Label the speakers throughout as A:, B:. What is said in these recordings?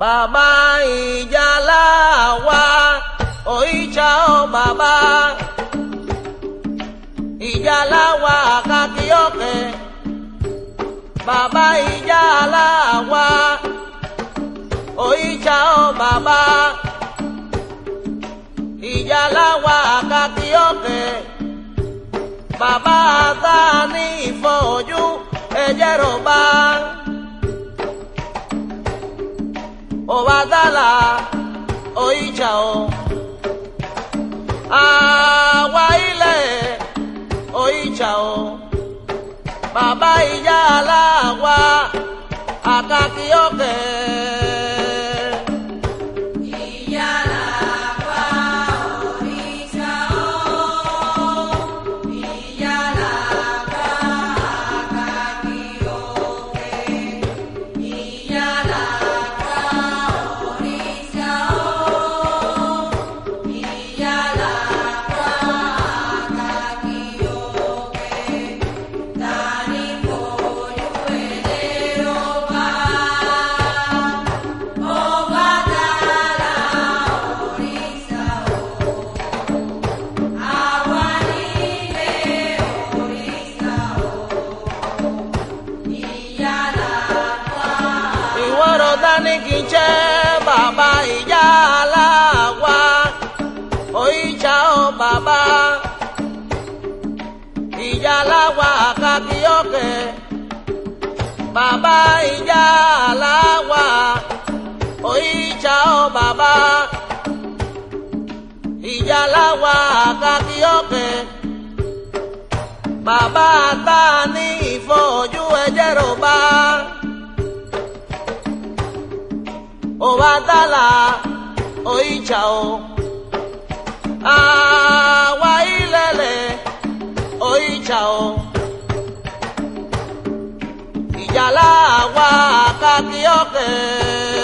A: Baba Ìjàlá wa òìṣà o bàbá Ìjàlá wa kàkíọ̀kẹ́ Baba Ìjàlá wa òìṣà o bàbá Ìjàlá wa kàkíọ̀kẹ́ bàbá ta ní ìfọ̀jú ẹ̀jẹ̀ rọ̀ bá. obadala oijao awaile oijao baba ijala wa akakioke. àwọ̀rọ̀ dání kì í jẹ́ bàbá ìyá aláwa oíjà ó bàbá ìyá aláwa àkàkíyọ̀kẹ́ bàbá ìyá aláwa oíjà ó bàbá ìyá aláwa àkàkíyọ̀kẹ́ bàbá tá a ní ẹ̀jẹ̀ rò bá Obadala Oichao Awailele Oichao Ìjàlá àwa kàkíọ́kẹ́.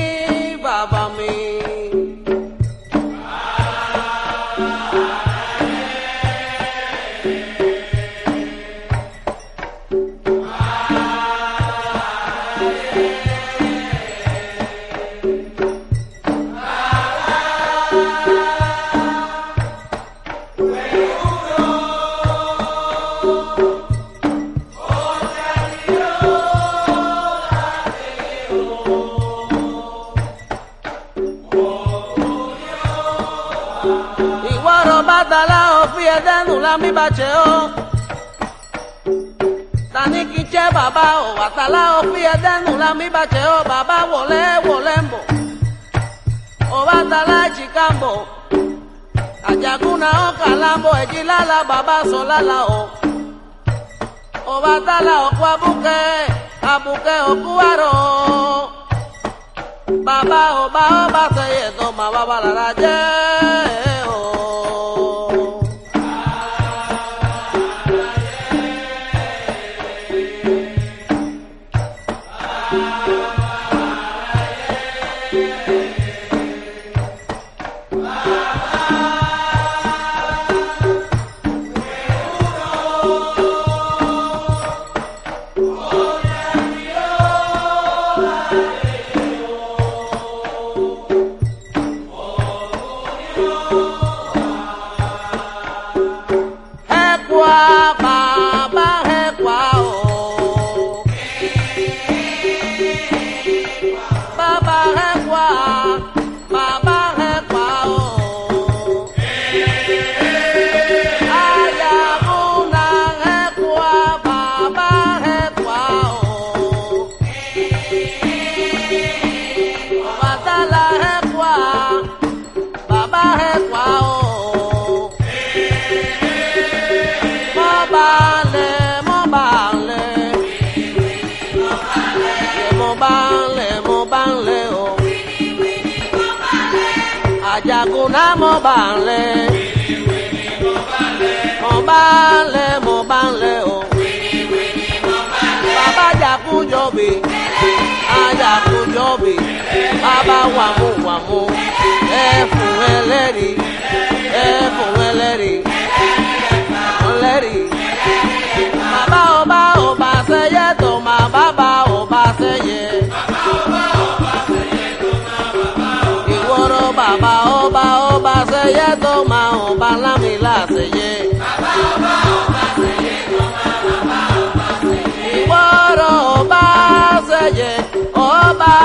A: la mi bàjẹ́ o. Tani kí n jẹ́ bàbá o, àtàlà o fi ẹdẹ́nu la mi bàjẹ́ o, bàbá wọlé wọlé ń bọ̀. Ọbàtálá jìkà ń bọ̀. Àjàgún náà ọkà lábọ̀ ẹ̀jí lálá bàbá sọ lálá o. Ọbàtálá ọkọ abúkẹ́, abúkẹ́ òkú àrọ̀ o. Bàbá ọba ọba sẹ́yẹ̀ tó máa bàbá lára jẹ́. Música kuna mobale mobale mobale o baba jaku jobi ajaku jobi baba wamu wamu ẹfun e ẹlẹri ẹfun e ẹlẹri ẹlẹri baba ọba ọba sẹyẹ tó ma baba o. ẹyẹ tó máa hàn bá lámìlá àṣeyẹ. bàbá ọba ọba ṣèyẹ tó máa hàn bá ọba ṣèyẹ. ìwọ́rọ̀ ọba ṣèyẹ ọba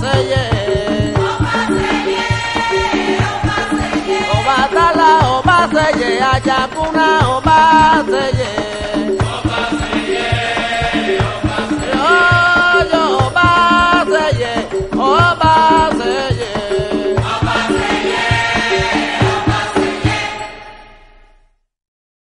A: ṣèyẹ. ọba ṣèyẹ ọba ṣèyẹ. ọba tálá ọba ṣèyẹ ajagunra ọba ṣèyẹ.